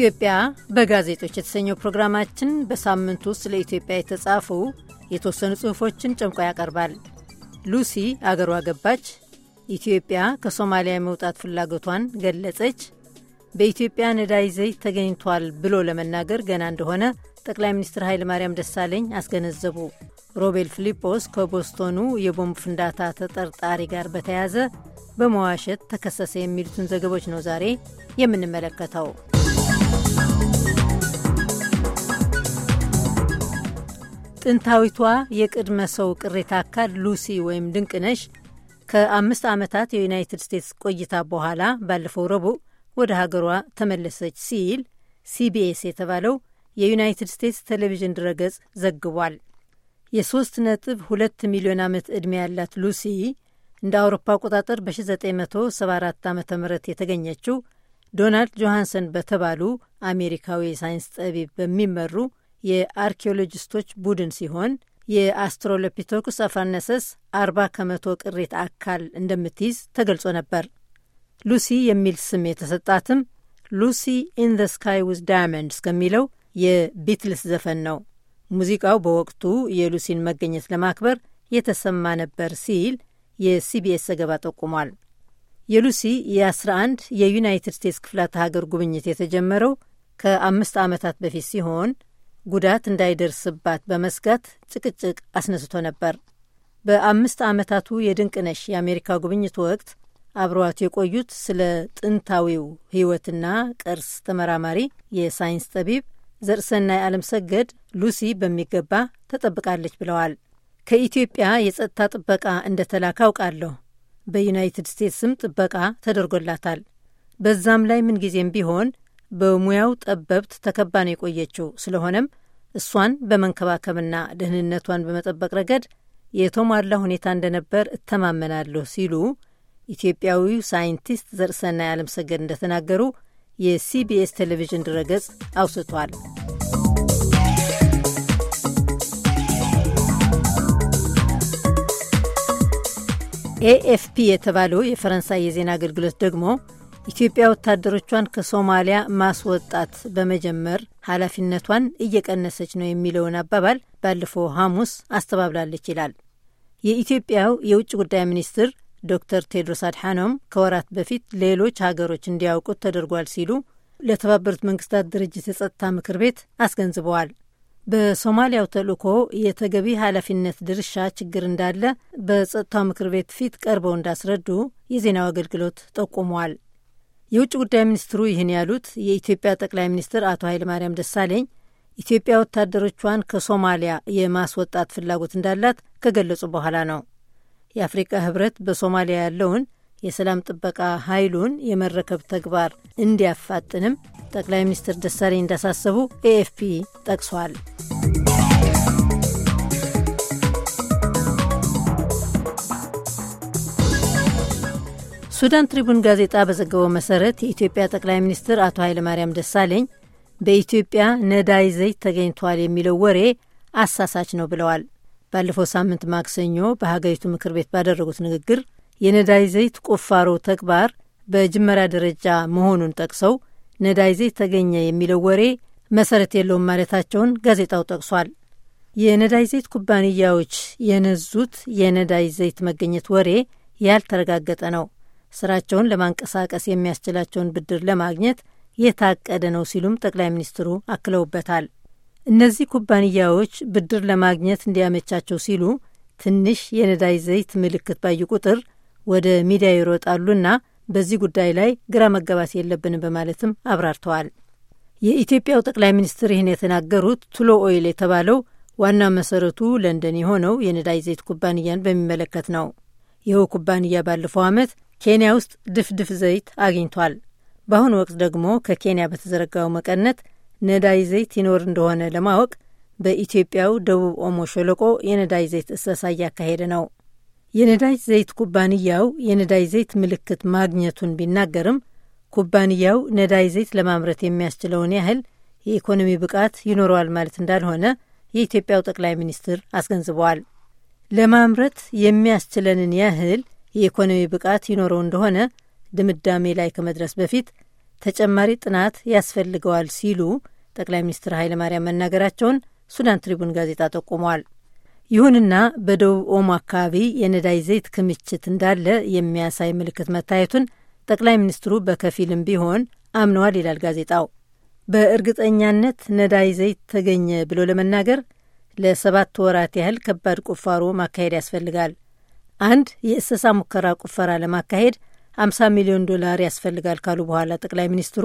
ኢትዮጵያ በጋዜጦች የተሰኘው ፕሮግራማችን በሳምንት ውስጥ ስለ ኢትዮጵያ የተጻፉ የተወሰኑ ጽሑፎችን ጨምቆ ያቀርባል። ሉሲ አገሯ ገባች፣ ኢትዮጵያ ከሶማሊያ የመውጣት ፍላጎቷን ገለጸች፣ በኢትዮጵያ ነዳጅ ዘይት ተገኝቷል ብሎ ለመናገር ገና እንደሆነ ጠቅላይ ሚኒስትር ኃይለማርያም ደሳለኝ አስገነዘቡ፣ ሮቤል ፊሊጶስ ከቦስቶኑ የቦምብ ፍንዳታ ተጠርጣሪ ጋር በተያያዘ በመዋሸት ተከሰሰ የሚሉትን ዘገቦች ነው ዛሬ የምንመለከተው። ጥንታዊቷ የቅድመ ሰው ቅሬታ አካል ሉሲ ወይም ድንቅነሽ ከአምስት ዓመታት የዩናይትድ ስቴትስ ቆይታ በኋላ ባለፈው ረቡዕ ወደ ሀገሯ ተመለሰች ሲል ሲቢኤስ የተባለው የዩናይትድ ስቴትስ ቴሌቪዥን ድረገጽ ዘግቧል። የሶስት ነጥብ ሁለት ሚሊዮን ዓመት ዕድሜ ያላት ሉሲ እንደ አውሮፓ አቆጣጠር በ1974 ዓ ም የተገኘችው ዶናልድ ጆሃንሰን በተባሉ አሜሪካዊ የሳይንስ ጠቢብ በሚመሩ የአርኪኦሎጂስቶች ቡድን ሲሆን የአስትሮሎፒቶኩስ አፋነሰስ 40 ከመቶ ቅሪት አካል እንደምትይዝ ተገልጾ ነበር። ሉሲ የሚል ስም የተሰጣትም ሉሲ ኢን ዘ ስካይ ዊዝ ዳያመንድስ ከሚለው የቢትልስ ዘፈን ነው። ሙዚቃው በወቅቱ የሉሲን መገኘት ለማክበር የተሰማ ነበር ሲል የሲቢኤስ ዘገባ ጠቁሟል። የሉሲ የ11 የዩናይትድ ስቴትስ ክፍላተ ሀገር ጉብኝት የተጀመረው ከአምስት ዓመታት በፊት ሲሆን ጉዳት እንዳይደርስባት በመስጋት ጭቅጭቅ አስነስቶ ነበር። በአምስት ዓመታቱ የድንቅነሽ የአሜሪካ ጉብኝት ወቅት አብረዋት የቆዩት ስለ ጥንታዊው ሕይወትና ቅርስ ተመራማሪ የሳይንስ ጠቢብ ዘርሰናይ ዓለም ሰገድ ሉሲ በሚገባ ተጠብቃለች ብለዋል። ከኢትዮጵያ የጸጥታ ጥበቃ እንደተላከ አውቃለሁ። በዩናይትድ ስቴትስም ጥበቃ ተደርጎላታል። በዛም ላይ ምንጊዜም ቢሆን በሙያው ጠበብት ተከባ ነው የቆየችው። ስለሆነም እሷን በመንከባከብና ደህንነቷን በመጠበቅ ረገድ የተሟላ ሁኔታ እንደነበር እተማመናለሁ ሲሉ ኢትዮጵያዊው ሳይንቲስት ዘርሰናይ ዓለምሰገድ እንደተናገሩ የሲቢኤስ ቴሌቪዥን ድረገጽ አውስቷል። ኤኤፍፒ የተባለው የፈረንሳይ የዜና አገልግሎት ደግሞ ኢትዮጵያ ወታደሮቿን ከሶማሊያ ማስወጣት በመጀመር ኃላፊነቷን እየቀነሰች ነው የሚለውን አባባል ባለፈው ሐሙስ አስተባብላለች ይላል። የኢትዮጵያው የውጭ ጉዳይ ሚኒስትር ዶክተር ቴድሮስ አድሓኖም ከወራት በፊት ሌሎች ሀገሮች እንዲያውቁት ተደርጓል ሲሉ ለተባበሩት መንግስታት ድርጅት የጸጥታ ምክር ቤት አስገንዝበዋል። በሶማሊያው ተልእኮ የተገቢ ኃላፊነት ድርሻ ችግር እንዳለ በጸጥታው ምክር ቤት ፊት ቀርበው እንዳስረዱ የዜናው አገልግሎት ጠቁመዋል። የውጭ ጉዳይ ሚኒስትሩ ይህን ያሉት የኢትዮጵያ ጠቅላይ ሚኒስትር አቶ ኃይለማርያም ደሳለኝ ኢትዮጵያ ወታደሮቿን ከሶማሊያ የማስወጣት ፍላጎት እንዳላት ከገለጹ በኋላ ነው። የአፍሪቃ ህብረት በሶማሊያ ያለውን የሰላም ጥበቃ ኃይሉን የመረከብ ተግባር እንዲያፋጥንም ጠቅላይ ሚኒስትር ደሳለኝ እንዳሳሰቡ ኤኤፍፒ ጠቅሷል። ሱዳን ትሪቡን ጋዜጣ በዘገበው መሰረት የኢትዮጵያ ጠቅላይ ሚኒስትር አቶ ኃይለማርያም ደሳለኝ በኢትዮጵያ ነዳይ ዘይት ተገኝቷል የሚለው ወሬ አሳሳች ነው ብለዋል። ባለፈው ሳምንት ማክሰኞ በሀገሪቱ ምክር ቤት ባደረጉት ንግግር የነዳይ ዘይት ቁፋሮ ተግባር በጅመራ ደረጃ መሆኑን ጠቅሰው ነዳይ ዘይት ተገኘ የሚለው ወሬ መሰረት የለውም ማለታቸውን ጋዜጣው ጠቅሷል። የነዳይ ዘይት ኩባንያዎች የነዙት የነዳይ ዘይት መገኘት ወሬ ያልተረጋገጠ ነው ስራቸውን ለማንቀሳቀስ የሚያስችላቸውን ብድር ለማግኘት የታቀደ ነው ሲሉም ጠቅላይ ሚኒስትሩ አክለውበታል። እነዚህ ኩባንያዎች ብድር ለማግኘት እንዲያመቻቸው ሲሉ ትንሽ የነዳጅ ዘይት ምልክት ባዩ ቁጥር ወደ ሚዲያ ይሮጣሉና በዚህ ጉዳይ ላይ ግራ መገባት የለብንም በማለትም አብራርተዋል። የኢትዮጵያው ጠቅላይ ሚኒስትር ይህን የተናገሩት ቱሎ ኦይል የተባለው ዋና መሰረቱ ለንደን የሆነው የነዳጅ ዘይት ኩባንያን በሚመለከት ነው። ይኸው ኩባንያ ባለፈው ዓመት ኬንያ ውስጥ ድፍድፍ ዘይት አግኝቷል። በአሁኑ ወቅት ደግሞ ከኬንያ በተዘረጋው መቀነት ነዳይ ዘይት ይኖር እንደሆነ ለማወቅ በኢትዮጵያው ደቡብ ኦሞ ሸለቆ የነዳጅ ዘይት እሰሳ እያካሄደ ነው። የነዳጅ ዘይት ኩባንያው የነዳጅ ዘይት ምልክት ማግኘቱን ቢናገርም ኩባንያው ነዳጅ ዘይት ለማምረት የሚያስችለውን ያህል የኢኮኖሚ ብቃት ይኖረዋል ማለት እንዳልሆነ የኢትዮጵያው ጠቅላይ ሚኒስትር አስገንዝበዋል። ለማምረት የሚያስችለንን ያህል የኢኮኖሚ ብቃት ይኖረው እንደሆነ ድምዳሜ ላይ ከመድረስ በፊት ተጨማሪ ጥናት ያስፈልገዋል ሲሉ ጠቅላይ ሚኒስትር ኃይለማርያም መናገራቸውን ሱዳን ትሪቡን ጋዜጣ ጠቁመዋል። ይሁንና በደቡብ ኦሞ አካባቢ የነዳጅ ዘይት ክምችት እንዳለ የሚያሳይ ምልክት መታየቱን ጠቅላይ ሚኒስትሩ በከፊልም ቢሆን አምነዋል ይላል ጋዜጣው። በእርግጠኛነት ነዳጅ ዘይት ተገኘ ብሎ ለመናገር ለሰባት ወራት ያህል ከባድ ቁፋሮ ማካሄድ ያስፈልጋል። አንድ የእሰሳ ሙከራ ቁፈራ ለማካሄድ 50 ሚሊዮን ዶላር ያስፈልጋል ካሉ በኋላ ጠቅላይ ሚኒስትሩ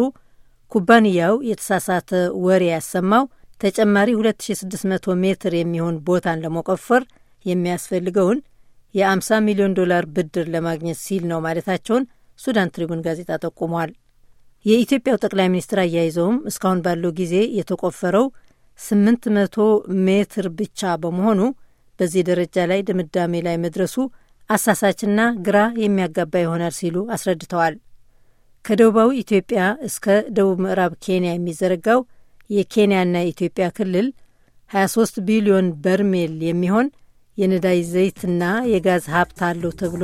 ኩባንያው የተሳሳተ ወሬ ያሰማው ተጨማሪ 2600 ሜትር የሚሆን ቦታን ለመቆፈር የሚያስፈልገውን የ50 ሚሊዮን ዶላር ብድር ለማግኘት ሲል ነው ማለታቸውን ሱዳን ትሪቡን ጋዜጣ ጠቁሟል። የኢትዮጵያው ጠቅላይ ሚኒስትር አያይዘውም እስካሁን ባለው ጊዜ የተቆፈረው 800 ሜትር ብቻ በመሆኑ በዚህ ደረጃ ላይ ድምዳሜ ላይ መድረሱ አሳሳችና ግራ የሚያጋባ ይሆናል ሲሉ አስረድተዋል። ከደቡባዊ ኢትዮጵያ እስከ ደቡብ ምዕራብ ኬንያ የሚዘረጋው የኬንያና የኢትዮጵያ ክልል 23 ቢሊዮን በርሜል የሚሆን የነዳጅ ዘይትና የጋዝ ሀብት አለው ተብሎ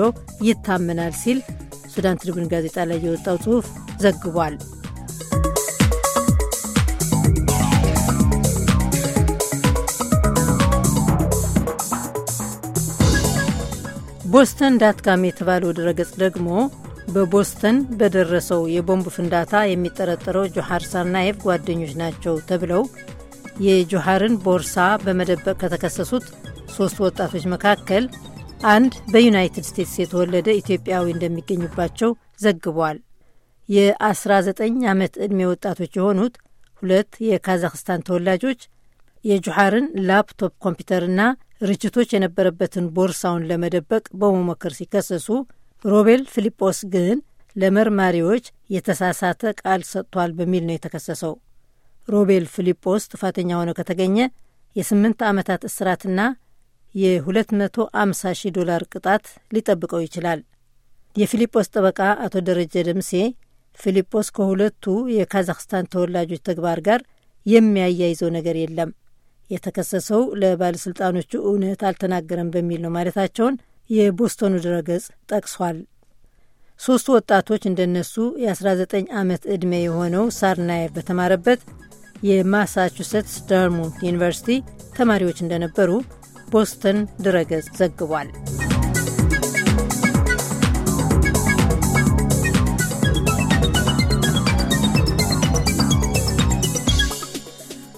ይታመናል ሲል ሱዳን ትሪቡን ጋዜጣ ላይ የወጣው ጽሑፍ ዘግቧል። ቦስተን ዳትካም የተባለው ድረገጽ ደግሞ በቦስተን በደረሰው የቦምብ ፍንዳታ የሚጠረጠረው ጆሃር ሳርናየቭ ጓደኞች ናቸው ተብለው የጆሃርን ቦርሳ በመደበቅ ከተከሰሱት ሶስት ወጣቶች መካከል አንድ በዩናይትድ ስቴትስ የተወለደ ኢትዮጵያዊ እንደሚገኙባቸው ዘግቧል። የ19 ዓመት ዕድሜ ወጣቶች የሆኑት ሁለት የካዛክስታን ተወላጆች የጆሃርን ላፕቶፕ ኮምፒውተርና ርችቶች የነበረበትን ቦርሳውን ለመደበቅ በመሞከር ሲከሰሱ፣ ሮቤል ፊሊጶስ ግን ለመርማሪዎች የተሳሳተ ቃል ሰጥቷል በሚል ነው የተከሰሰው። ሮቤል ፊሊጶስ ጥፋተኛ ሆኖ ከተገኘ የስምንት ዓመታት እስራትና የ250 ሺህ ዶላር ቅጣት ሊጠብቀው ይችላል። የፊሊጶስ ጠበቃ አቶ ደረጀ ደምሴ ፊሊጶስ ከሁለቱ የካዛክስታን ተወላጆች ተግባር ጋር የሚያያይዘው ነገር የለም የተከሰሰው ለባለሥልጣኖቹ እውነት አልተናገረም በሚል ነው ማለታቸውን የቦስተኑ ድረገጽ ጠቅሷል። ሦስቱ ወጣቶች እንደነሱ የ19 ዓመት ዕድሜ የሆነው ሳርናየቭ በተማረበት የማሳቹሴትስ ዳርሙት ዩኒቨርሲቲ ተማሪዎች እንደነበሩ ቦስተን ድረገጽ ዘግቧል።